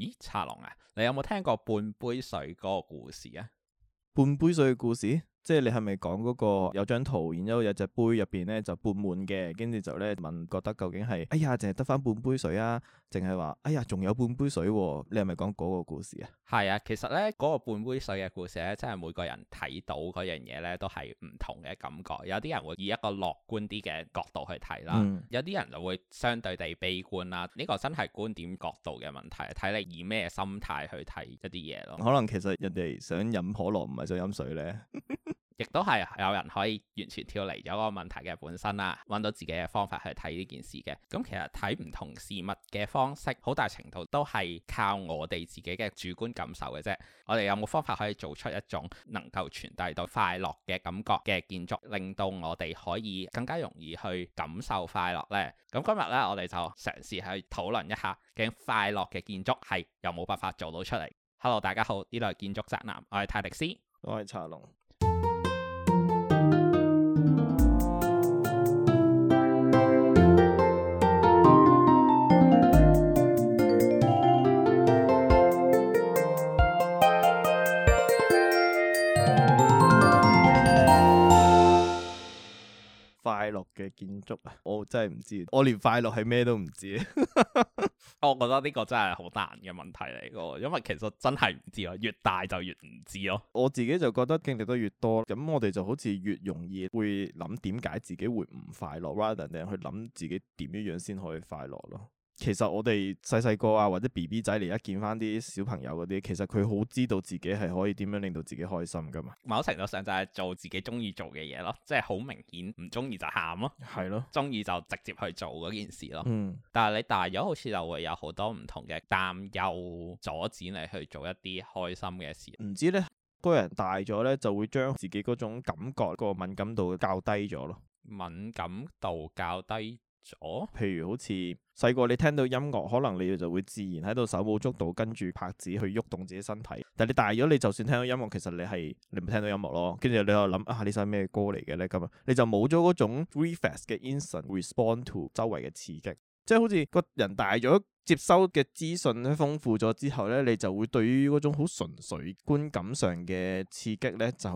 咦，茶龍啊，你有冇聽過半杯水嗰個故事啊？半杯水嘅故事。即係你係咪講嗰個有張圖，然之後有隻杯入邊咧就半滿嘅，跟住就咧問覺得究竟係哎呀淨係得返半杯水啊，淨係話哎呀仲有半杯水，啊，你係咪講嗰個故事啊？係啊，其實咧嗰，那個半杯水嘅故事咧，真係每個人睇到嗰樣嘢咧都係唔同嘅感覺。有啲人會以一個樂觀啲嘅角度去睇啦，嗯、有啲人就會相對地悲觀啦。呢、這個真係觀點角度嘅問題，睇你以咩心態去睇一啲嘢咯。可能其實人哋想飲可樂唔係想飲水咧。 亦都係有人可以完全跳離咗個問題嘅本身啦、啊，揾到自己嘅方法去睇呢件事嘅。咁其實睇唔同事物嘅方式，好大程度都係靠我哋自己嘅主觀感受嘅啫。我哋有冇方法可以做出一種能夠傳遞到快樂嘅感覺嘅建築，令到我哋可以更加容易去感受快樂呢？咁今日呢，我哋就嘗試去討論一下究竟快樂嘅建築係有冇辦法做到出嚟。Hello，大家好，呢度係建築宅男，我係泰迪斯，我係茶龍。樂嘅建築啊，我真係唔知，我連快樂係咩都唔知。 我覺得呢個真係好難嘅問題嚟㗎，因為其實真係唔知咯，越大就越唔知咯。我自己就覺得經歷得越多，咁我哋就好似越容易會諗點解自己會唔快樂，rather than 去諗自己點樣先可以快樂咯。其實我哋細細個啊，或者 BB 仔嚟，而家見翻啲小朋友嗰啲，其實佢好知道自己係可以點樣令到自己開心㗎嘛。某程度上就係做自己鍾意做嘅嘢咯，即係好明顯唔鍾意就喊咯，係咯，鍾意就直接去做嗰件事咯。嗯，但係你大咗好似就會有好多唔同嘅擔憂阻止你去做一啲開心嘅事。唔知咧個人大咗咧就會將自己嗰種感覺、個敏感度較低咗咯，敏感度較低。哦，譬如好似細個你聽到音樂，可能你就會自然喺度手舞足蹈，跟住拍子去喐動自己身體。但係你大咗，你就算聽到音樂，其實你係你唔聽到音樂咯。跟住你又諗啊，呢首咩歌嚟嘅咧？咁你就冇咗嗰種 reflex 嘅 instant respond to 周圍嘅刺激，即係好似個人大咗，接收嘅資訊咧豐富咗之後咧，你就會對於嗰種好純粹觀感上嘅刺激咧就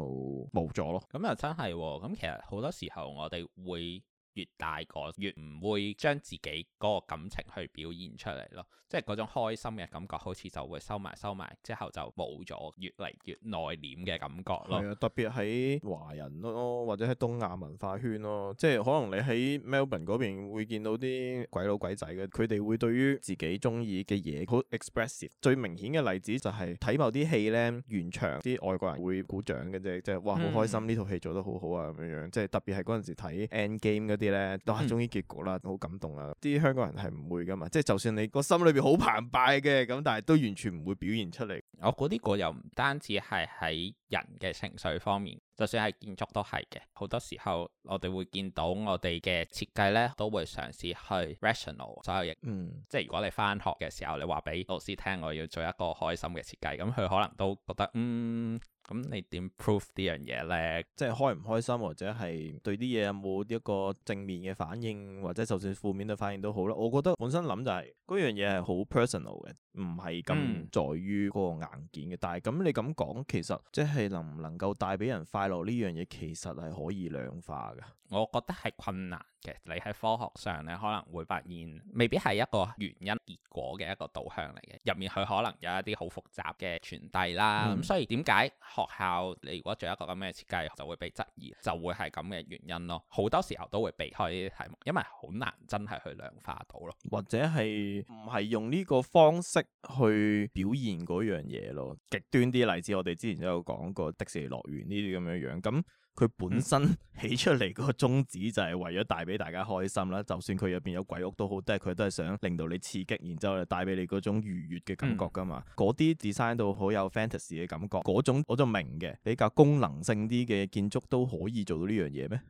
冇咗咯。咁又、嗯、真係、哦，咁其實好多時候我哋會。越大個越唔會將自己嗰個感情去表現出嚟咯，即係嗰種開心嘅感覺，好似就會收埋收埋之後就冇咗，越嚟越內斂嘅感覺咯。係啊，特別喺華人咯，或者喺東亞文化圈咯，即係可能你喺 Melbourne 嗰邊會見到啲鬼佬鬼仔嘅，佢哋會對於自己中意嘅嘢好 expressive。最明顯嘅例子就係睇某啲戲咧，現場啲外國人會鼓掌嘅啫，即係哇好開心呢套、嗯、戲做得好好啊咁樣樣，即係特別係嗰陣時睇 End Game 啲。都係終於結局啦，好、嗯、感動啊！啲香港人係唔會㗎嘛，即、就、係、是、就算你個心裏邊好澎湃嘅，咁但係都完全唔會表現出嚟。我嗰啲個又唔單止係喺人嘅情緒方面，就算係建築都係嘅。好多時候我哋會見到我哋嘅設計呢，都會嘗試去 rational 所有嘢。嗯，即係如果你返學嘅時候，你話俾老師聽我要做一個開心嘅設計，咁、嗯、佢可能都覺得嗯。咁你點 prove 呢樣嘢咧？即係開唔開心，或者係對啲嘢有冇一個正面嘅反應，或者就算負面嘅反應都好啦。我覺得本身諗就係嗰樣嘢係好 personal 嘅。唔係咁在於嗰個硬件嘅，嗯、但係咁你咁講，其實即係能唔能夠帶俾人快樂呢樣嘢，其實係可以量化嘅。我覺得係困難嘅。你喺科學上咧，可能會發現未必係一個原因結果嘅一個導向嚟嘅，入面佢可能有一啲好複雜嘅傳遞啦。咁、嗯、所以點解學校你如果做一個咁嘅設計就會被質疑，就會係咁嘅原因咯。好多時候都會避開呢啲題目，因為好難真係去量化到咯，或者係唔係用呢個方式？去表現嗰樣嘢咯，極端啲例子，我哋之前都有講過迪士尼樂園呢啲咁樣樣，咁佢本身、嗯、起出嚟個宗旨就係為咗帶俾大家開心啦，就算佢入邊有鬼屋都好，都係佢都係想令到你刺激，然之後帶俾你嗰種愉悅嘅感覺噶嘛，嗰啲 design 到好有 fantasy 嘅感覺，嗰種我就明嘅，比較功能性啲嘅建築都可以做到呢樣嘢咩？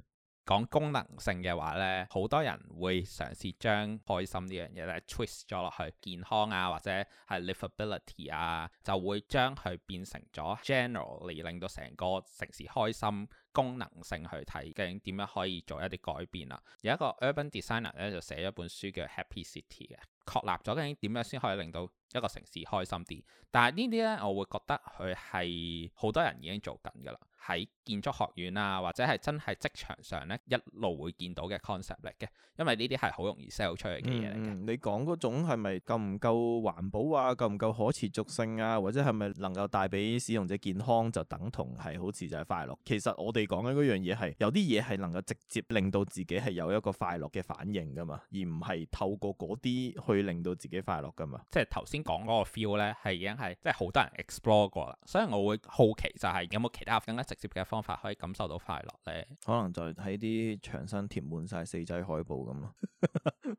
講功能性嘅話咧，好多人會嘗試將開心呢樣嘢咧 twist 咗落去健康啊，或者係 livability 啊，就會將佢變成咗 generally 令到成個城市開心功能性去睇究竟點樣可以做一啲改變啦。有一個 urban designer 咧就寫咗本書叫 Happy City 嘅，確立咗究竟點樣先可以令到一個城市開心啲。但係呢啲咧，我會覺得佢係好多人已經做緊噶啦。喺建築學院啊，或者係真係職場上咧，一路會見到嘅 concept 嚟嘅，因為呢啲係好容易 sell 出去嘅嘢嚟嘅。你講嗰種係咪夠唔夠環保啊？夠唔夠可持續性啊？或者係咪能夠帶俾使用者健康，就等同係好似就係快樂？其實我哋講緊嘅嗰樣嘢係有啲嘢係能夠直接令到自己係有一個快樂嘅反應㗎嘛，而唔係透過嗰啲去令到自己快樂㗎嘛。即係頭先講嗰個 feel 咧，係已經係即係好多人 explore 過啦。所以我會好奇就係、是、有冇其他直接嘅方法可以感受到快樂咧，可能就喺啲牆身填滿晒四仔海報咁咯。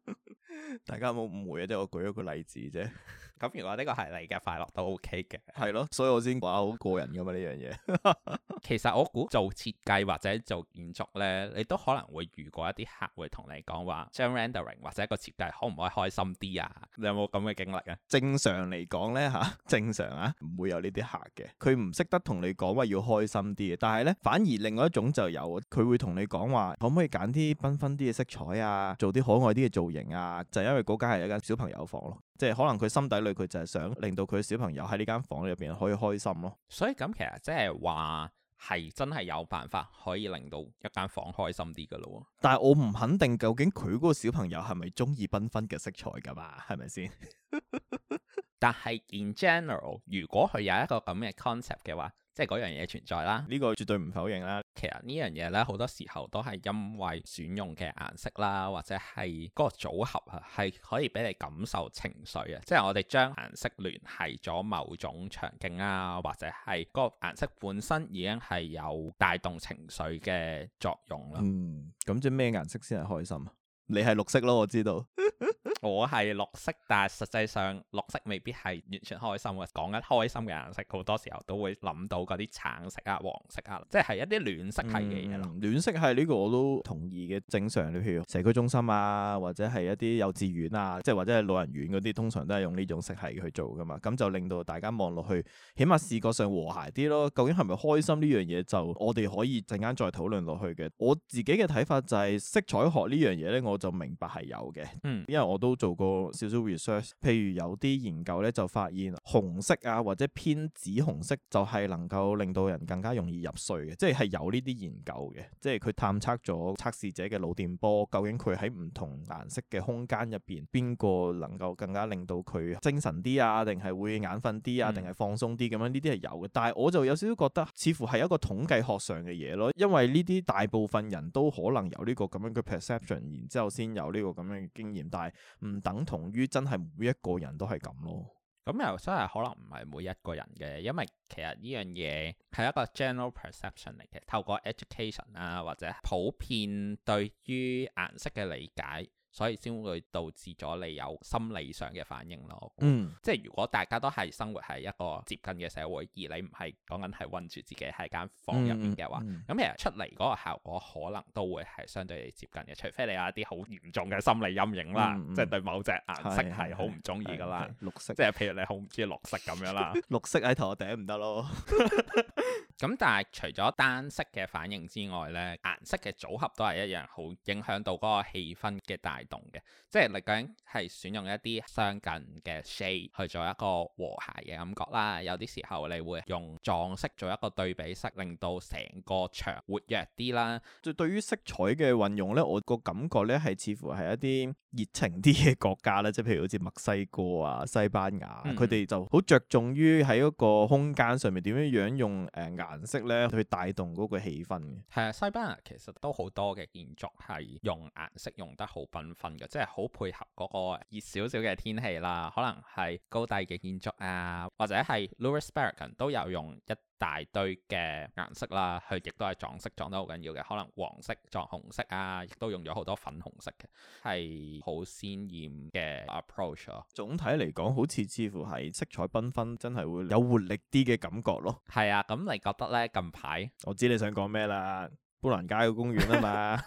大家冇誤會啊，即係我舉一個例子啫。 咁如果呢個係你嘅快樂都 OK 嘅，係咯，所以我先覺得好過癮噶嘛，呢樣嘢。其實我估做設計或者做建築咧，你都可能會遇過一啲客會同你講話，將 rendering 或者一個設計可唔可以開心啲啊？你有冇咁嘅經歷啊？正常嚟講咧吓，正常啊，唔會有呢啲客嘅。佢唔識得同你講話要開心啲嘅，但係咧反而另外一種就有，佢會同你講話，可唔可以揀啲繽紛啲嘅色彩啊，做啲可愛啲嘅造型啊，就因為嗰間係一間小朋友房咯。即係可能佢心底裏佢就係想令到佢小朋友喺呢間房入邊可以開心咯，所以咁其實即係話，係真係有辦法可以令到一間房開心啲噶咯，但係我唔肯定究竟佢嗰個小朋友係咪中意繽紛嘅色彩噶嘛，係咪先？ 但係 in general，如果佢有一個咁嘅 concept 嘅話，即係嗰樣嘢存在啦，呢個絕對唔否認啦。其實呢樣嘢咧，好多時候都係因為選用嘅顏色啦，或者係嗰個組合啊，係可以俾你感受情緒啊。即係我哋將顏色聯繫咗某種場景啊，或者係嗰個顏色本身已經係有帶動情緒嘅作用啦。嗯，咁即咩顏色先係開心啊？你係綠色咯，我知道。 我係綠色，但係實際上綠色未必係完全開心嘅。講緊開心嘅顏色，好多時候都會諗到嗰啲橙色啊、黃色啊，即係一啲暖色系嘅嘢咯。暖色系呢個我都同意嘅，正常你譬如社區中心啊，或者係一啲幼稚園啊，即係或者係老人院嗰啲，通常都係用呢種色系去做㗎嘛。咁就令到大家望落去，起碼視覺上和諧啲咯。究竟係咪開心呢樣嘢，就我哋可以陣間再討論落去嘅。我自己嘅睇法就係、是、色彩學呢樣嘢咧，我就明白係有嘅。嗯，因為我都，做過少少 research，譬如有啲研究咧就發現紅色啊或者偏紫紅色就係能夠令到人更加容易入睡嘅，即係有呢啲研究嘅，即係佢探測咗測試者嘅腦電波，究竟佢喺唔同顏色嘅空間入邊，邊個能夠更加令到佢精神啲啊，定係會眼瞓啲啊，定係、嗯、放鬆啲咁樣？呢啲係有嘅，但係我就有少少覺得似乎係一個統計學上嘅嘢咯，因為呢啲大部分人都可能有呢個咁樣嘅 perception，然之後先有呢個咁樣嘅經驗，但係。唔等同於真係每一個人都係咁咯。咁又真係可能唔係每一個人嘅，因為其實，呢樣嘢係一個 general perception 嚟嘅，透過 education 啊或者普遍對於顏色嘅理解。所以先會導致咗你有心理上嘅反應咯。嗯，即係如果大家都係生活係一個接近嘅社會，而你唔係講緊係困住自己喺間房入面嘅話，咁其實出嚟嗰個效果可能都會係相對接近嘅，除非你有一啲好嚴重嘅心理陰影啦，嗯嗯，即係對某隻顏色係好唔中意噶啦，嗯嗯、啊啊啊啊，綠色，即係譬如你好唔中意綠色咁樣啦， 綠色喺頭頂唔得咯。 咁但係除咗單色嘅反應之外咧，顏色嘅組合都係一樣好影響到嗰個氣氛嘅帶動嘅，即係你究竟係選用一啲相近嘅 shade 去做一個和諧嘅感覺啦。有啲時候你會用撞色做一個對比色，令到成個場活躍啲啦。就對於色彩嘅運用咧，我個感覺咧係似乎係一啲，熱情啲嘅國家咧，即係譬如好似墨西哥啊、西班牙，佢哋、嗯、就好着重於喺嗰個空間上面點樣樣用誒顏色咧去帶動嗰個氣氛嘅。係啊、嗯，西班牙其實都好多嘅建築係用顏色用得好繽紛嘅，即係好配合嗰個熱少少嘅天氣啦。可能係高大嘅建築啊，或者係 Luis Barragán 都有用一大堆嘅顏色啦，佢亦都係撞色撞得好緊要嘅，可能黃色撞紅色啊，亦都用咗好多粉紅色嘅，係好鮮艷嘅 approach、啊、總體嚟講，好似似乎係色彩繽紛，真係會有活力啲嘅感覺咯。係啊，咁你覺得呢？近排我知你想講咩啦，砵蘭街個公園啊嘛。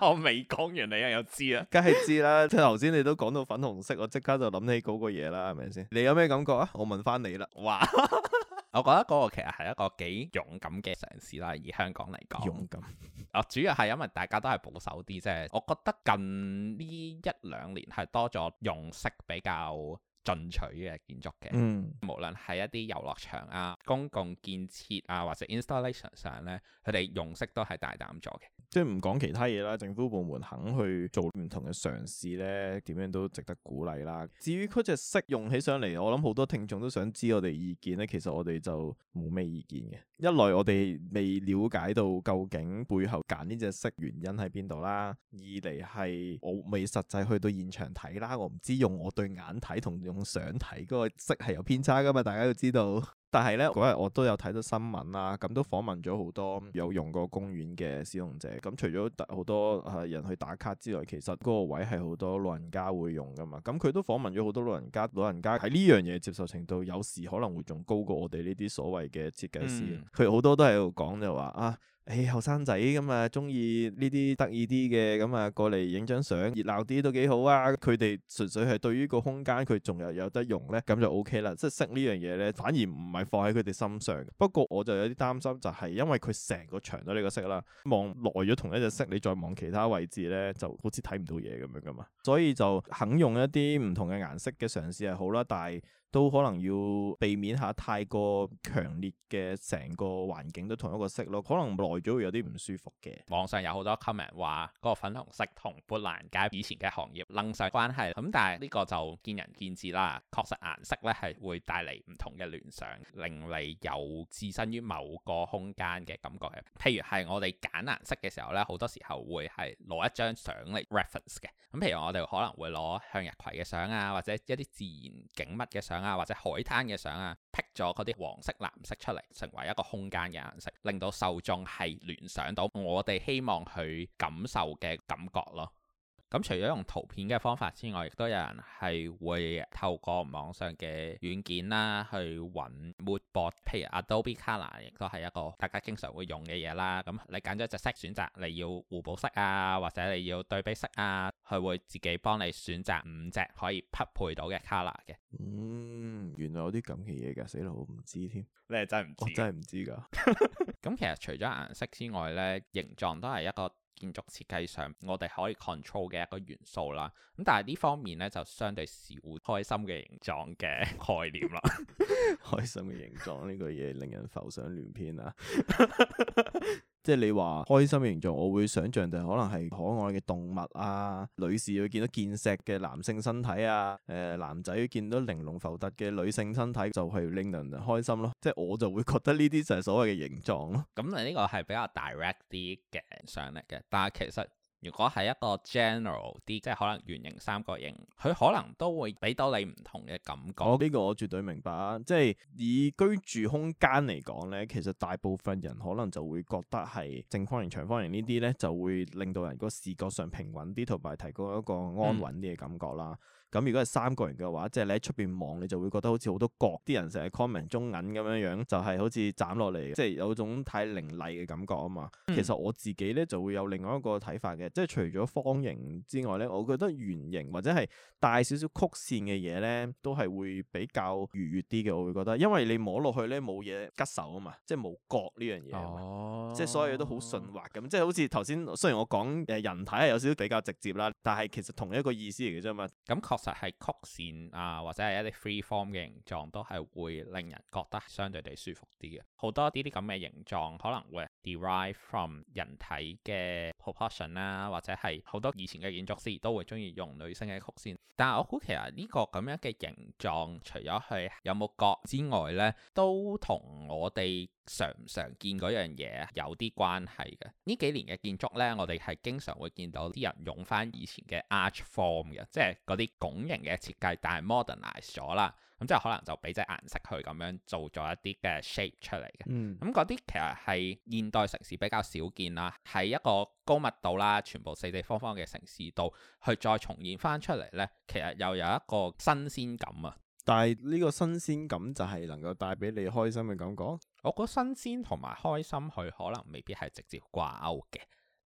我未講完你又知啦，梗係 知啦。即係頭先你都講到粉紅色，我即刻就諗起嗰個嘢啦，係咪先？你有咩感覺啊？我問翻你啦。哇！ 我覺得嗰個其實係一個幾勇敢嘅嘗試啦，以香港嚟講。勇敢。 啊，主要係因為大家都係保守啲啫。我覺得近呢一兩年係多咗用色比較進取嘅建築嘅，嗯、無論喺一啲遊樂場啊、公共建設啊，或者 installation 上咧，佢哋用色都係大膽咗嘅。即係唔講其他嘢啦，政府部門肯去做唔同嘅嘗試咧，點樣都值得鼓勵啦。至於嗰隻色用起上嚟，我諗好多聽眾都想知我哋意見咧。其實我哋就冇咩意見嘅，一來我哋未了解到究竟背後揀呢隻色原因喺邊度啦，二嚟係我未實際去到現場睇啦，我唔知用我對眼睇同，用相睇嗰、嗰個色係有偏差噶嘛，大家都知道。 但係咧，嗰日我都有睇到新聞啦，咁都訪問咗好多有用過公園嘅使用者。咁除咗好多啊人去打卡之外，其實嗰個位係好多老人家會用噶嘛。咁佢都訪問咗好多老人家，老人家喺呢樣嘢接受程度，有時可能會仲高過我哋呢啲所謂嘅設計師。佢好、嗯、多都喺度講就話啊。誒後生仔咁啊，中意呢啲得意啲嘅咁啊，過嚟影張相熱鬧啲都幾好啊！佢哋純粹係對於個空間佢仲有有得用咧，咁就 O K 啦。即係色呢樣嘢咧，反而唔係放喺佢哋心上。不過我就有啲擔心，就係因為佢成個牆都呢個色啦，望耐咗同一隻色，你再望其他位置咧，就好似睇唔到嘢咁樣噶嘛。所以就肯用一啲唔同嘅顏色嘅嘗試係好啦，但係，都可能要避免下太過強烈嘅成個環境都同一個色咯，可能耐咗會有啲唔舒服嘅。網上有好多 comment 話嗰個粉紅色同砵蘭街以前嘅行業楞晒關係，咁但係呢個就見仁見智啦。確實顏色咧係會帶嚟唔同嘅聯想，令你有置身於某個空間嘅感覺嘅。譬如係我哋揀顏色嘅時候咧，好多時候會係攞一張相嚟 reference 嘅。咁譬如我哋可能會攞向日葵嘅相啊，或者一啲自然景物嘅相，啊，或者海灘嘅相啊，辟咗嗰啲黃色、藍色出嚟，成為一個空間嘅顏色，令到受眾係聯想到我哋希望去感受嘅感覺咯。咁除咗用圖片嘅方法之外，亦都有人係會透過網上嘅軟件啦，去揾 moodboard 譬如 Adobe Color，亦都係一個大家經常會用嘅嘢啦。咁你揀咗一隻色，選擇你要互補色啊，或者你要對比色啊，佢會自己幫你選擇五隻可以匹配到嘅 color 嘅。嗯，原來有啲咁嘅嘢噶，死佬唔知添。你係真係唔知？我真係唔知噶。咁 其實除咗顏色之外咧，形狀都係一個。建築設計上，我哋可以 control 嘅一個元素啦。咁但係呢方面咧，就相對少開心嘅形狀嘅概念啦。開心嘅形狀呢 個嘢令人浮想聯翩啊！ 即係你話開心嘅形狀，我會想象就可能係可愛嘅動物啊，女士會見到健碩嘅男性身體啊，誒、呃、男仔見到玲瓏浮凸嘅女性身體就係令人開心咯。即係我就會覺得呢啲就係所謂嘅形狀咯。咁誒呢個係比較 direct 啲嘅想法嚟嘅，但係其實，如果係一個 general 啲，即係可能圓形、三角形，佢可能都會俾到你唔同嘅感覺。呢、哦這個我絕對明白，即係以居住空間嚟講呢其實大部分人可能就會覺得係正方形、長方形呢啲呢就會令到人個視覺上平穩啲，同埋提高一個安穩啲嘅感覺啦。嗯咁如果係三個人嘅話，即係你喺出邊望，你就會覺得好似好多角，啲人成日 comment 中銀咁樣樣，就係好似斬落嚟，即係有種太凌厲嘅感覺啊嘛。嗯、其實我自己咧就會有另外一個睇法嘅，即係除咗方形之外咧，我覺得圓形或者係大少少曲線嘅嘢咧，都係會比較愉悅啲嘅。我會覺得，因為你摸落去咧冇嘢吉手啊嘛，即係冇角呢樣嘢，即係所有嘢都好順滑咁，即係好似頭先雖然我講誒人體係有少少比較直接啦，但係其實同一個意思嚟嘅啫嘛，感覺、嗯實係曲線啊，或者係一啲 freeform 嘅形狀都係會令人覺得相對地舒服啲嘅。好多呢啲咁嘅形狀可能會 derive from 人體嘅。proportion 啦，Prop ortion, 或者係好多以前嘅建築師都會中意用女性嘅曲線。但係我估其實呢個咁樣嘅形狀，除咗佢有冇角之外咧，都同我哋常唔常見嗰樣嘢有啲關係嘅。呢幾年嘅建築咧，我哋係經常會見到啲人用翻以前嘅 arch form 嘅，即係嗰啲拱形嘅設計，但係 modernize 咗啦。咁即係可能就俾隻顏色佢咁樣做咗一啲嘅 shape 出嚟嘅，咁嗰啲其實係現代城市比較少見啦，喺一個高密度啦，全部四四方方嘅城市度去再重現翻出嚟咧，其實又有一個新鮮感啊！但係呢個新鮮感就係能夠帶俾你開心嘅感覺？我覺得新鮮同埋開心，佢可能未必係直接掛鈎嘅，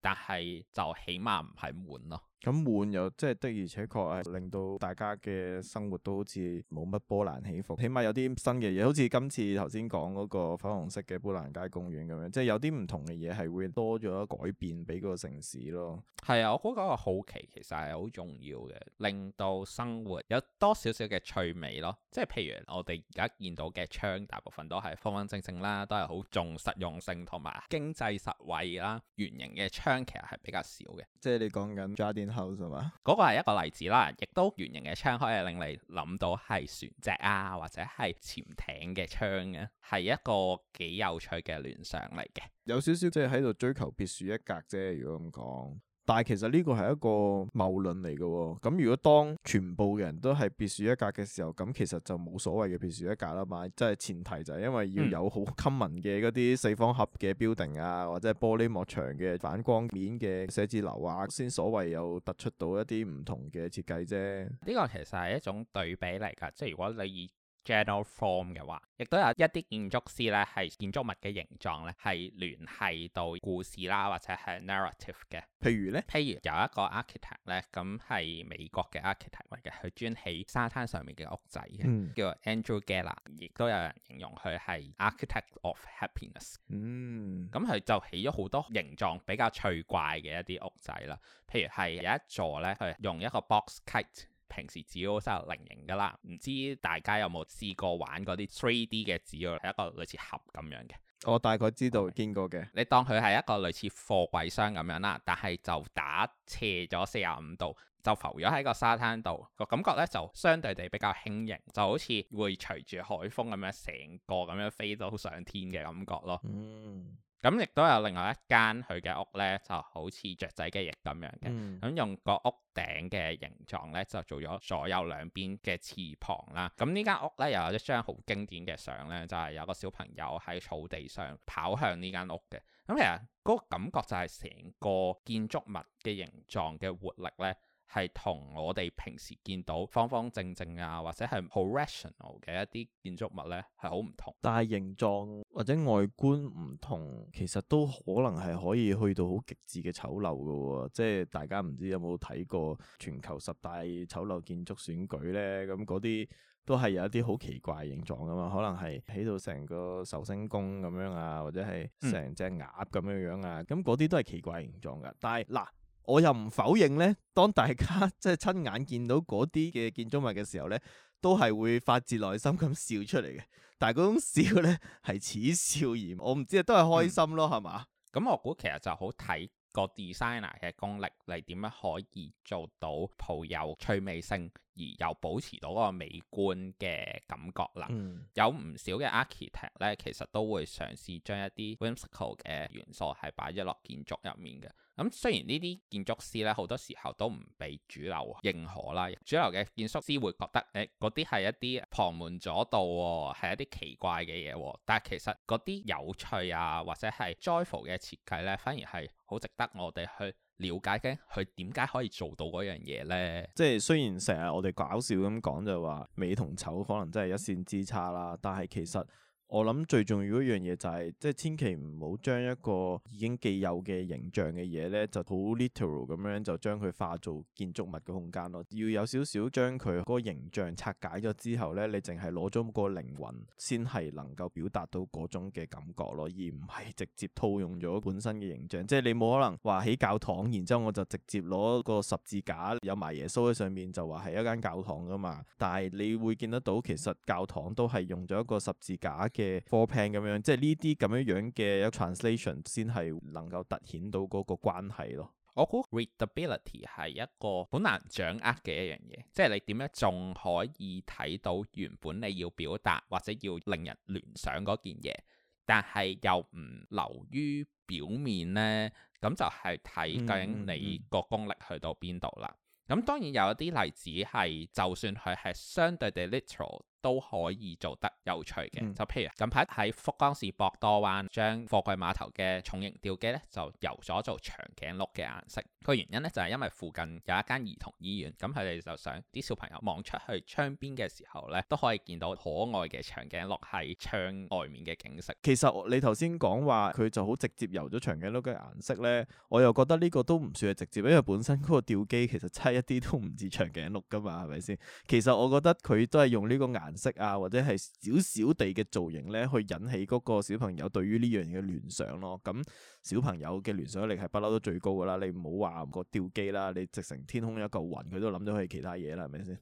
但係就起碼唔係悶咯。咁換又即係的而且確係令到大家嘅生活都好似冇乜波瀾起伏。起碼有啲新嘅嘢，好似今次頭先講嗰個粉紅色嘅砵蘭街公園咁樣，即係有啲唔同嘅嘢係會多咗改變俾個城市咯。係啊，我嗰個好奇其實係好重要嘅，令到生活有多少少嘅趣味咯。即係譬如我哋而家見到嘅窗，大部分都係方方正正啦，都係好重實用性同埋經濟實惠啦。圓形嘅窗其實係比較少嘅。即係你講緊係嘛？嗰個係一個例子啦，亦都圓形嘅窗可以令你諗到係船隻啊，或者係潛艇嘅窗嘅，係一個幾有趣嘅聯想嚟嘅。有少少即係喺度追求別樹一格啫，如果咁講。但係其實呢個係一個謬論嚟嘅，咁如果當全部人都係別樹一格嘅時候，咁其實就冇所謂嘅別樹一格啦嘛。即係前提就係因為要有好 common 嘅嗰啲四方盒嘅 building 啊，或者玻璃幕牆嘅反光面嘅寫字樓啊，先所謂有突出到一啲唔同嘅設計啫。呢個其實係一種對比嚟㗎，即係如果你以 General form 嘅話，亦都有一啲建築師咧，係建築物嘅形狀咧，係聯繫到故事啦，或者係 narrative 嘅。譬如咧，譬如有一個 architect 咧，咁係美國嘅 architect 嚟嘅，佢專起沙灘上面嘅屋仔嘅，嗯、叫 Andrew Geller，亦都有人形容佢係 architect of happiness。嗯，咁佢就起咗好多形狀比較趣怪嘅一啲屋仔啦。譬如係有一座咧，佢用一個 box kite。平時只好適合菱形噶啦，唔知大家有冇試過玩嗰啲 three D 嘅紙喎，係一個類似盒咁樣嘅。我大概知道 Okay. 見過嘅。你當佢係一個類似貨櫃箱咁樣啦，但係就打斜咗四十五度，就浮咗喺個沙灘度，這個感覺咧就相對地比較輕盈，就好似會隨住海風咁樣，成個咁樣飛到上天嘅感覺咯。嗯。咁亦都有另外一間佢嘅屋咧，就好似雀仔嘅翼咁樣嘅。咁、嗯、用個屋頂嘅形狀咧，就做咗左右兩邊嘅翅膀啦。咁呢間屋咧，又有一張好經典嘅相咧，就係、是、有個小朋友喺草地上跑向呢間屋嘅。咁其實嗰個感覺就係成個建築物嘅形狀嘅活力咧。係同我哋平時見到方方正正啊，或者係好 rational 嘅一啲建築物呢，係好唔同。但係形狀或者外觀唔同，其實都可能係可以去到好極致嘅醜陋嘅喎、哦。即係大家唔知有冇睇過全球十大醜陋建築選舉呢？咁嗰啲都係有一啲好奇怪形狀㗎嘛。可能係起到成個壽星公咁樣啊，或者係成隻鴨咁樣樣啊。咁嗰啲都係奇怪形狀㗎。但係嗱。我又唔否認咧，當大家即係親眼見到嗰啲嘅建築物嘅時候咧，都係會發自內心咁笑出嚟嘅。但係嗰種笑咧係似笑而，我唔知啊，都係開心咯，係嘛、嗯？咁吧、嗯、我估其實就好睇個 designer 嘅功力嚟點樣可以做到抱有趣味性。而又保持到嗰個美觀嘅感覺啦，嗯、有唔少嘅 architect 咧，其實都會嘗試將一啲 whimsical 嘅元素係擺咗落建築入面嘅。咁、嗯、雖然築呢啲建築師咧好多時候都唔被主流認可啦，主流嘅建築師會覺得誒嗰啲係一啲旁門左道喎、哦，係一啲奇怪嘅嘢喎。但係其實嗰啲有趣啊，或者係 joyful 嘅設計咧，反而係好值得我哋去了解嘅佢點解可以做到嗰樣嘢咧？即係雖然成日我哋搞笑咁講，就話美同醜可能真係一綫之差啦，但係其實。我諗最重要一樣嘢就係，即係千祈唔好將一個已經既有嘅形象嘅嘢咧，就好 literal 咁樣就將佢化做建築物嘅空間咯。要有少少將佢嗰個形象拆解咗之後咧，你淨係攞咗個靈魂，先係能夠表達到嗰種嘅感覺咯，而唔係直接套用咗本身嘅形象。即係你冇可能話起教堂，然之後我就直接攞個十字架有埋耶穌喺上面，就話係一間教堂㗎嘛。但係你會見得到，其實教堂都係用咗一個十字架。嘅 four pan 咁樣，即係呢啲咁樣樣嘅一 translation 先係能夠凸顯到嗰個關係咯。我估 readability 係一個好難掌握嘅一樣嘢，即係你點樣仲可以睇到原本你要表達或者要令人聯想嗰件嘢，但係又唔流於表面呢？咁就係睇究竟你個功力去到邊度啦。咁、嗯嗯、當然有一啲例子係，就算佢係相對地 literal。都可以做得有趣嘅，就譬、嗯、如近排喺福岡市博多灣將貨櫃碼頭嘅重型吊機咧，就油咗做長頸鹿嘅顏色。個原因咧就係、是、因為附近有一間兒童醫院，咁佢哋就想啲小朋友望出去窗邊嘅時候咧，都可以見到可愛嘅長頸鹿喺窗外面嘅景色。其實你頭先講話，佢就好直接油咗長頸鹿嘅顏色咧，我又覺得呢個都唔算係直接，因為本身嗰個吊機其實差一啲都唔似長頸鹿噶嘛，係咪先？其實我覺得佢都係用呢個顏。顏色啊，或者係少少地嘅造型咧，去引起嗰個小朋友對於呢樣嘢嘅聯想咯。咁小朋友嘅聯想力係不嬲都最高噶啦。你唔好話個吊機啦，你直成天空一嚿雲，佢都諗咗佢其他嘢啦，係咪先？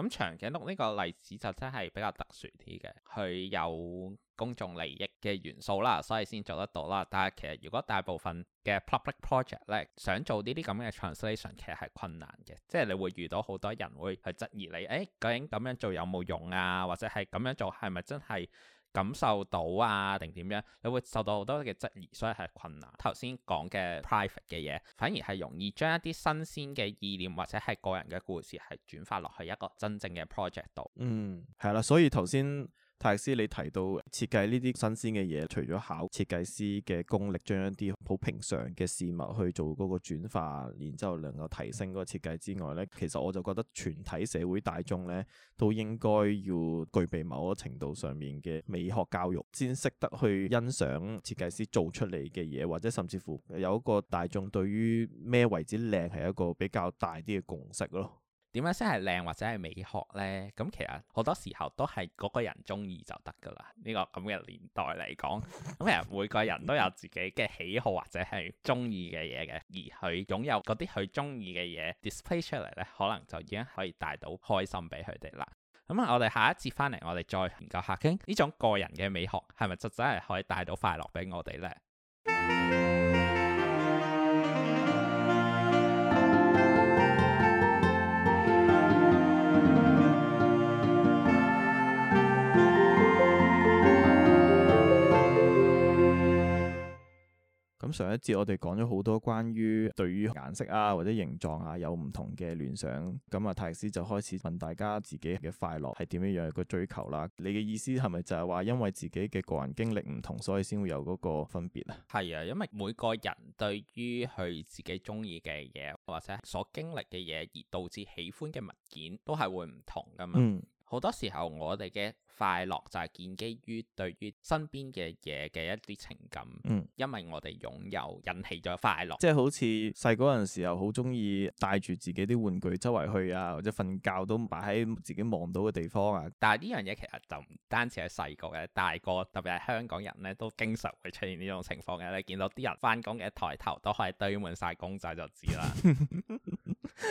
咁長頸鹿呢個例子就真係比較特殊啲嘅，佢有公眾利益嘅元素啦，所以先做得到啦。但係其實如果大部分嘅 public project 咧，想做呢啲咁嘅 translation，其實係困難嘅，即係你會遇到好多人會去質疑你，誒、欸、究竟咁樣做有冇用啊，或者係咁樣做係咪真係？感受到啊？定點樣，你會受到好多嘅質疑，所以係困難。頭先講嘅 private 嘅嘢，反而係容易將一啲新鮮嘅意念，或者係個人嘅故事係轉化落去一個真正嘅 project 度。嗯，係啦，所以頭先。泰師，太斯你提到設計呢啲新鮮嘅嘢，除咗考設計師嘅功力，將一啲好平常嘅事物去做嗰個轉化，然之後能夠提升嗰個設計之外咧，其實我就覺得全體社會大眾咧都應該要具備某一程度上面嘅美學教育，先識得去欣賞設計師做出嚟嘅嘢，或者甚至乎有一個大眾對於咩為之靚係一個比較大啲嘅共識咯。點樣先係靚或者係美學呢？咁其實好多時候都係嗰個人中意就得噶啦。呢個咁嘅年代嚟講，咁其實每個人都有自己嘅喜好或者係中意嘅嘢嘅，而佢擁有嗰啲佢中意嘅嘢 display 出嚟呢，可能就已經可以帶到開心俾佢哋啦。咁啊，我哋下一節翻嚟，我哋再研究下傾呢種個人嘅美學係咪就真係可以帶到快樂俾我哋呢？ 咁上一節我哋講咗好多關於對於顏色啊，或者形狀啊有唔同嘅聯想，咁啊泰斯就開始問大家自己嘅快樂係點樣樣嘅追求啦。你嘅意思係咪就係話因為自己嘅個人經歷唔同，所以先會有嗰個分別啊？係啊，因為每個人對於佢自己鍾意嘅嘢或者所經歷嘅嘢而導致喜歡嘅物件都係會唔同㗎嘛。嗯好多時候，我哋嘅快樂就係建基於對於身邊嘅嘢嘅一啲情感，嗯，因為我哋擁有引起咗快樂，即係好似細個嗰陣時候好中意帶住自己啲玩具周圍去啊，或者瞓覺都擺喺自己望到嘅地方啊。但係呢樣嘢其實就唔單止係細個嘅，大個特別係香港人咧，都經常會出現呢種情況嘅。你見到啲人翻工嘅一抬頭都可以堆滿晒公仔就知啦。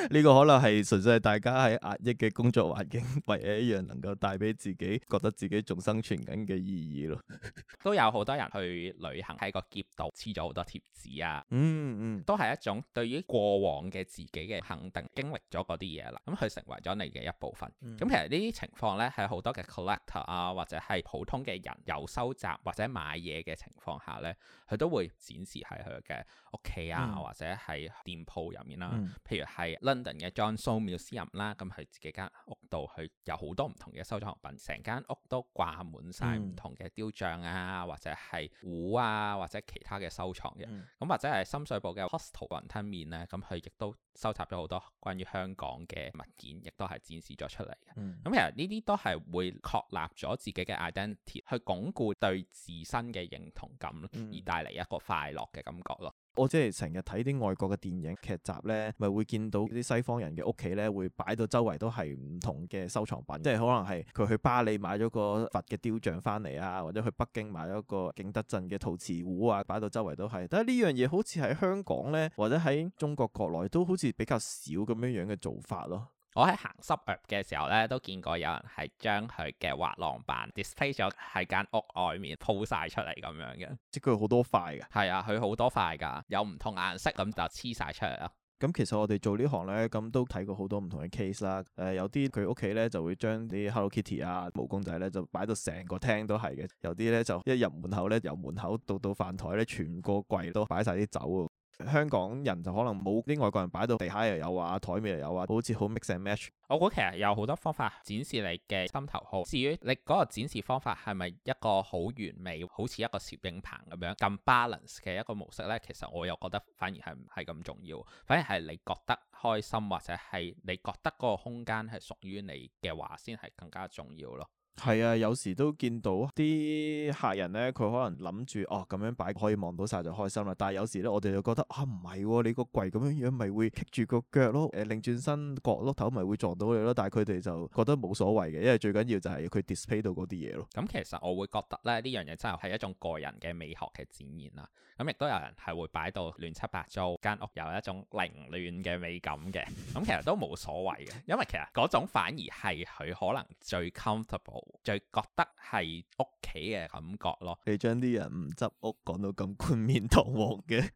呢個可能係純粹係大家喺壓抑嘅工作環境， 唯一一樣能夠帶俾自己覺得自己仲生存緊嘅意義咯 。都有好多人去旅行喺個喼度，黐咗好多貼紙啊。嗯嗯，嗯都係一種對於過往嘅自己嘅肯定，經歷咗嗰啲嘢啦，咁佢成為咗你嘅一部分。咁、嗯、其實呢啲情況咧，喺好多嘅 collector 啊，或者係普通嘅人有收集或者買嘢嘅情況下咧，佢都會展示喺佢嘅屋企啊，嗯、或者係店鋪入面啦。譬如係。London 嘅 John Soane's Museum 啦，咁佢自己間屋度，佢有好多唔同嘅收藏品，成間屋都掛滿晒唔同嘅雕像啊，嗯、或者係壺啊，或者其他嘅收藏嘅。咁、嗯、或者係深水埗嘅 Hostel Wontonmeen 咧，咁佢亦都收集咗好多關於香港嘅物件，亦都係展示咗出嚟嘅。咁、嗯嗯、其實呢啲都係會確立咗自己嘅 identity，去鞏固對自身嘅認同感，嗯、而帶嚟一個快樂嘅感覺咯。我即係成日睇啲外國嘅電影劇集咧，咪會見到啲西方人嘅屋企咧，會擺到周圍都係唔同嘅收藏品，即係可能係佢去巴黎買咗個佛嘅雕像翻嚟啊，或者去北京買咗個景德鎮嘅陶瓷壺啊，擺到周圍都係。但係呢樣嘢好似喺香港咧，或者喺中國國內都好似比較少咁樣樣嘅做法咯。我喺行濕浴嘅時候咧，都見過有人係將佢嘅滑浪板 display 咗喺間屋外面鋪晒出嚟咁樣嘅。即佢好多塊㗎。係啊，佢好多塊㗎，有唔同顏色咁就黐晒出嚟啦。咁、嗯、其實我哋做呢行咧，咁、嗯、都睇過好多唔同嘅 case 啦。誒、呃，有啲佢屋企咧就會將啲 Hello Kitty 啊、毛公仔咧就擺到成個廳都係嘅。有啲咧就一入門口咧，由門口到到飯台咧，全個櫃都擺晒啲酒啊。香港人就可能冇啲外國人擺到地下又有啊，台面又有啊，好似好 mix and match。我估其實有好多方法展示你嘅心頭好。至於你嗰個展示方法係咪一個好完美，好似一個攝影棚咁樣咁 balance 嘅一個模式呢，其實我又覺得反而係唔係咁重要。反而係你覺得開心或者係你覺得嗰個空間係屬於你嘅話，先係更加重要咯。係啊，有時都見到啲客人咧，佢可能諗住哦咁樣擺可以望到晒就開心啦。但係有時咧，我哋就覺得啊唔係喎，你個櫃咁樣樣咪會棘住個腳咯。誒、呃，擰轉身角落頭咪會撞到你咯。但係佢哋就覺得冇所謂嘅，因為最緊要就係佢 display 到嗰啲嘢咯。咁、嗯、其實我會覺得咧，呢樣嘢真係係一種個人嘅美學嘅展現啦。咁亦、嗯、都有人係會擺到亂七八糟，間屋有一種凌亂嘅美感嘅，咁、嗯、其實都冇所謂嘅，因為其實嗰種反而係佢可能最 comfortable，最覺得係屋企嘅感覺咯。你將啲人唔執屋講到咁冠冕堂皇嘅。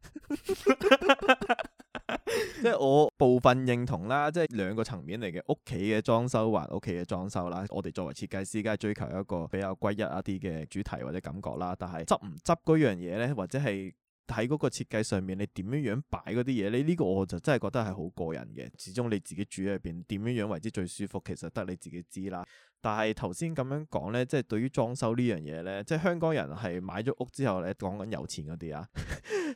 即係我部分認同啦，即係兩個層面嚟嘅，屋企嘅裝修或屋企嘅裝修啦，我哋作為設計師，梗係追求一個比較歸一一啲嘅主題或者感覺啦。但係執唔執嗰樣嘢咧，或者係喺嗰個設計上面，你點樣樣擺嗰啲嘢，你呢個我就真係覺得係好個人嘅，始終你自己住喺入邊，點樣樣為之最舒服，其實得你自己知啦。但係頭先咁樣講咧，即係對於裝修呢樣嘢咧，即係香港人係買咗屋之後咧，講緊有錢嗰啲啊。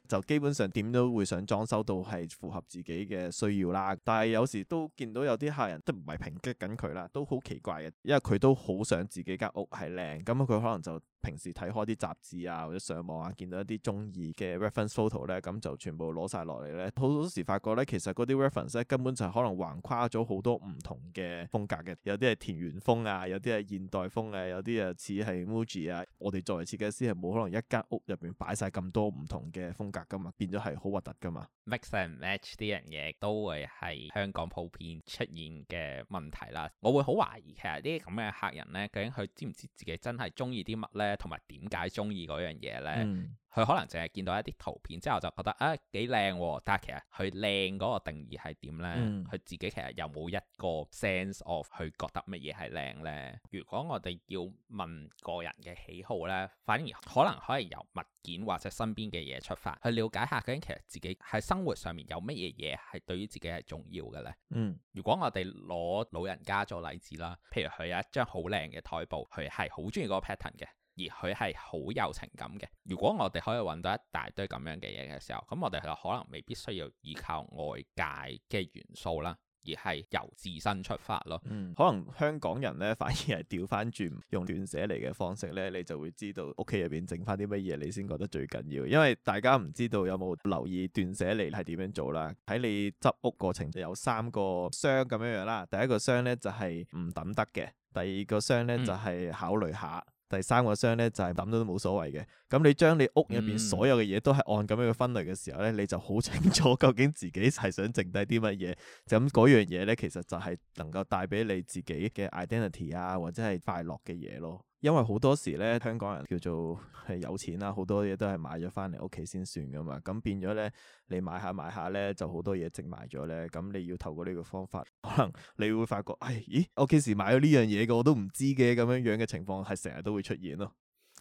就基本上點都會想裝修到係符合自己嘅需要啦。但係有時都見到有啲客人都唔係評擊緊佢啦，都好奇怪嘅，因為佢都好想自己間屋係靚，咁佢可能就平時睇開啲雜誌啊，或者上網啊，見到一啲中意嘅 reference photo 咧，咁就全部攞晒落嚟咧。好多時發覺咧，其實嗰啲 reference 咧根本就可能橫跨咗好多唔同嘅風格嘅，有啲係田園風啊，有啲係現代風嘅，啊，有啲啊似係 Muji 啊。我哋作為設計師係冇可能一間屋入邊擺晒咁多唔同嘅風格㗎嘛，變咗係好核突㗎嘛。Mix and match 呢樣嘢都會係香港普遍出現嘅問題啦。我會好懷疑其實啲咁嘅客人咧，究竟佢知唔知自己真係中意啲乜咧？同埋點解中意嗰樣嘢咧？嗯佢可能淨係見到一啲圖片之後就覺得啊幾靚喎，但係其實佢靚嗰個定義係點咧？佢、嗯、自己其實有冇一個 sense of，佢覺得乜嘢係靚咧？如果我哋要問個人嘅喜好咧，反而可能可以由物件或者身邊嘅嘢出發去了解下究竟其實自己喺生活上面有乜嘢嘢係對於自己係重要嘅咧？嗯，如果我哋攞老人家做例子啦，譬如佢有一張好靚嘅台布，佢係好中意嗰個 pattern 嘅。而佢係好有情感嘅。如果我哋可以揾到一大堆咁樣嘅嘢嘅時候，咁我哋可能未必需要依靠外界嘅元素啦，而係由自身出發咯。嗯、可能香港人咧，反而係調翻轉用斷捨離嘅方式咧，你就會知道屋企入邊整翻啲乜嘢你先覺得最緊要。因為大家唔知道有冇留意斷捨離係點樣做啦。喺你執屋過程就有三個箱咁樣樣啦。第一個箱咧就係唔抌得嘅，第二個箱咧就係、是、考慮下。嗯第三個箱咧就係抌咗都冇所謂嘅，咁你將你屋入邊所有嘅嘢都係按咁樣嘅分類嘅時候咧，你就好清楚究竟自己係想剩低啲乜嘢，咁嗰樣嘢咧其實就係能夠帶俾你自己嘅 identity 啊，或者係快樂嘅嘢咯。因為好多時咧，香港人叫做係有錢啦，好多嘢都係買咗翻嚟屋企先算噶嘛。咁變咗咧，你買下買下咧，就好多嘢值埋咗咧。咁你要透過呢個方法，可能你會發覺，哎，咦，我幾時買咗呢樣嘢嘅我都唔知嘅咁樣樣嘅情況，係成日都會出現咯。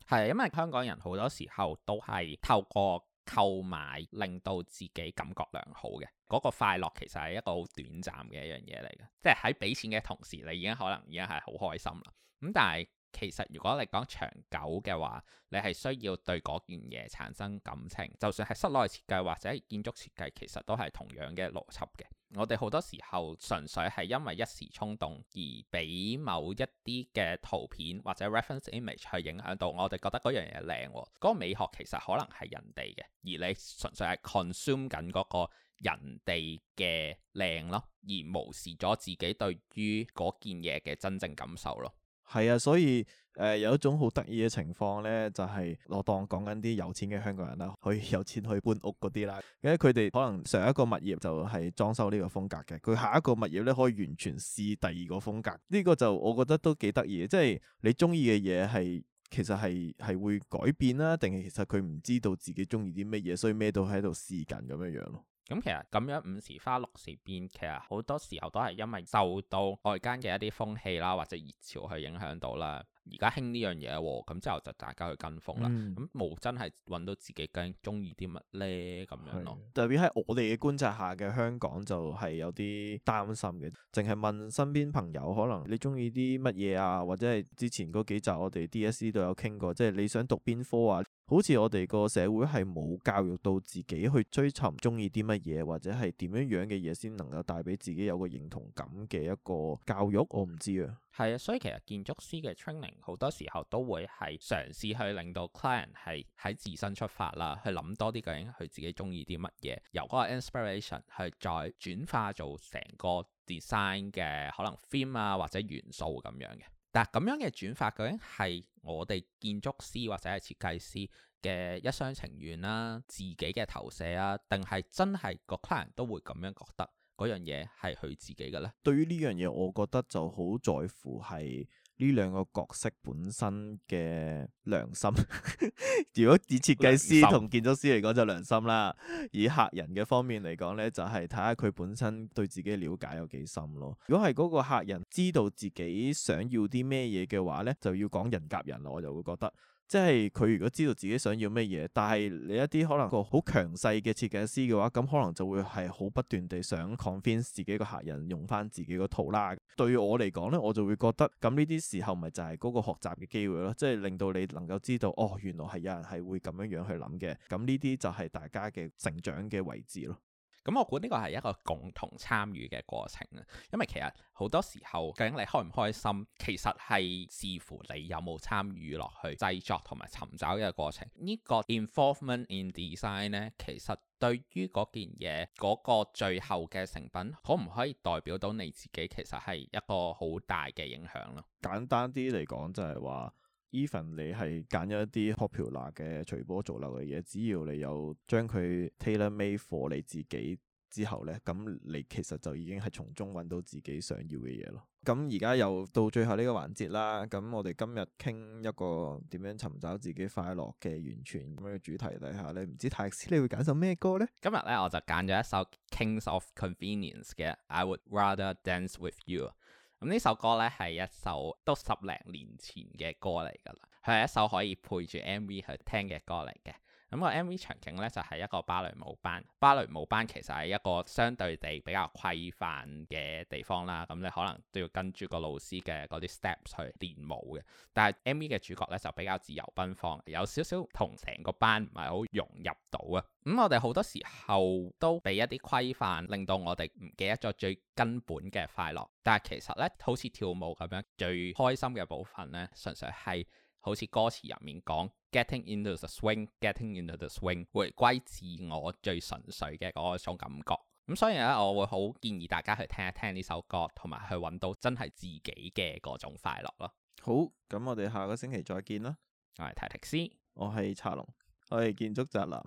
係，因為香港人好多時候都係透過購買令到自己感覺良好嘅嗰個快樂，其實係一個好短暫嘅一樣嘢嚟嘅。即係喺俾錢嘅同時，你已經可能已經係好開心啦。咁但係，其實，如果你講長久嘅話，你係需要對嗰件嘢產生感情。就算係室內設計或者建築設計，其實都係同樣嘅邏輯嘅。我哋好多時候純粹係因為一時衝動而俾某一啲嘅圖片或者 reference image 去影響到，我哋覺得嗰樣嘢靚，嗰個美學其實可能係人哋嘅，而你純粹係 consume 緊嗰個人哋嘅靚咯，而無視咗自己對於嗰件嘢嘅真正感受咯。係啊，所以誒、呃、有一種好得意嘅情況咧，就係、是、我當講緊啲有錢嘅香港人啦，可以有錢去搬屋嗰啲啦。咁咧佢哋可能上一個物業就係裝修呢個風格嘅，佢下一個物業咧可以完全試第二個風格。呢、這個就我覺得都幾得意嘅，即係你中意嘅嘢係其實係係會改變啦，定係其實佢唔知道自己中意啲乜嘢，所以咩都喺度試緊咁樣樣咯。咁、嗯、其實咁樣五時花六時變，其實好多時候都係因為受到外間嘅一啲風氣啦，或者熱潮去影響到啦。而家興呢樣嘢，咁之後就大家去跟風啦。咁冇、嗯嗯、真係揾到自己更中意啲乜呢？咁樣咯。特別喺我哋嘅觀察下嘅香港就係、是、有啲擔心嘅。淨係問身邊朋友，可能你中意啲乜嘢啊？或者係之前嗰幾集我哋 DSE 都有傾過，即係你想讀邊科啊？好似我哋個社會係冇教育到自己去追尋中意啲乜嘢，或者係點樣樣嘅嘢先能夠帶俾自己有個認同感嘅一個教育，我唔知啊。係啊，所以其實建築師嘅 training 好多時候都會係嘗試去令到 client 係喺自身出發啦，去諗多啲究竟佢自己中意啲乜嘢，由嗰個 inspiration 去再轉化做成個 design 嘅可能 theme 啊或者元素咁樣嘅。嗱，咁樣嘅轉發，究竟係我哋建築師或者係設計師嘅一廂情願啦，啊，自己嘅投射啊，定係真係個 client 都會咁樣覺得嗰樣嘢係佢自己嘅呢？對於呢樣嘢，我覺得就好在乎係呢兩個角色本身嘅良心， 如果以設計師同建築師嚟講就良心啦，以客人嘅方面嚟講呢就係睇下佢本身對自己了解有幾深咯如果係嗰個客人知道自己想要啲咩嘢嘅話呢就要講人夾人啦，我就會覺得。即係佢如果知道自己想要乜嘢，但係你一啲可能個好強勢嘅設計師嘅話，咁可能就會係好不斷地想 confine 自己個客人用翻自己個圖啦。對於我嚟講咧，我就會覺得咁呢啲時候咪就係嗰個學習嘅機會咯，即係令到你能夠知道哦，原來係有人係會咁樣樣去諗嘅。咁呢啲就係大家嘅成長嘅位置咯。咁、嗯、我估呢個係一個共同參與嘅過程啊，因為其實好多時候究竟你開唔開心，其實係視乎你有冇參與落去製作同埋尋找嘅過程。呢、個 involvement in design 呢，其實對於嗰件嘢嗰、個最後嘅成品，可唔可以代表到你自己，其實係一個好大嘅影響咯。簡單啲嚟講，就係、是、話。even 你係揀咗一啲 popular 嘅隨波逐流嘅嘢，只要你有將佢 tailor made for 你自己之後咧，咁你其實就已經係從中揾到自己想要嘅嘢咯。咁而家又到最後呢個環節啦，咁我哋今日傾一個點樣尋找自己快樂嘅完全咁樣嘅主題底下，你唔知泰斯，你會揀首咩歌咧？今日咧我就揀咗一首 Kings of Convenience 嘅 I Would Rather Dance With You。咁呢首歌咧係一首都十零年前嘅歌嚟噶啦，佢係一首可以配住 MV 去聽嘅歌嚟嘅。咁個 MV 場景咧就係、是、一個芭蕾舞班，芭蕾舞班其實係一個相對地比較規範嘅地方啦。咁你可能都要跟住個老師嘅嗰啲 steps 去練舞嘅。但係 MV 嘅主角咧就比較自由奔放，有少少同成個班唔係好融入到啊。咁、嗯、我哋好多時候都俾一啲規範，令到我哋唔記得咗最根本嘅快樂。但係其實咧，好似跳舞咁樣，最開心嘅部分咧，純粹係～好似歌詞入面講 Get，getting into the swing，getting into the swing，回歸自我最純粹嘅嗰種感覺。咁所以咧，我會好建議大家去聽一聽呢首歌，同埋去揾到真係自己嘅嗰種快樂咯。好，咁我哋下個星期再見啦。我係泰迪斯，我係茶龍，我係建築宅男，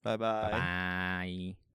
拜拜。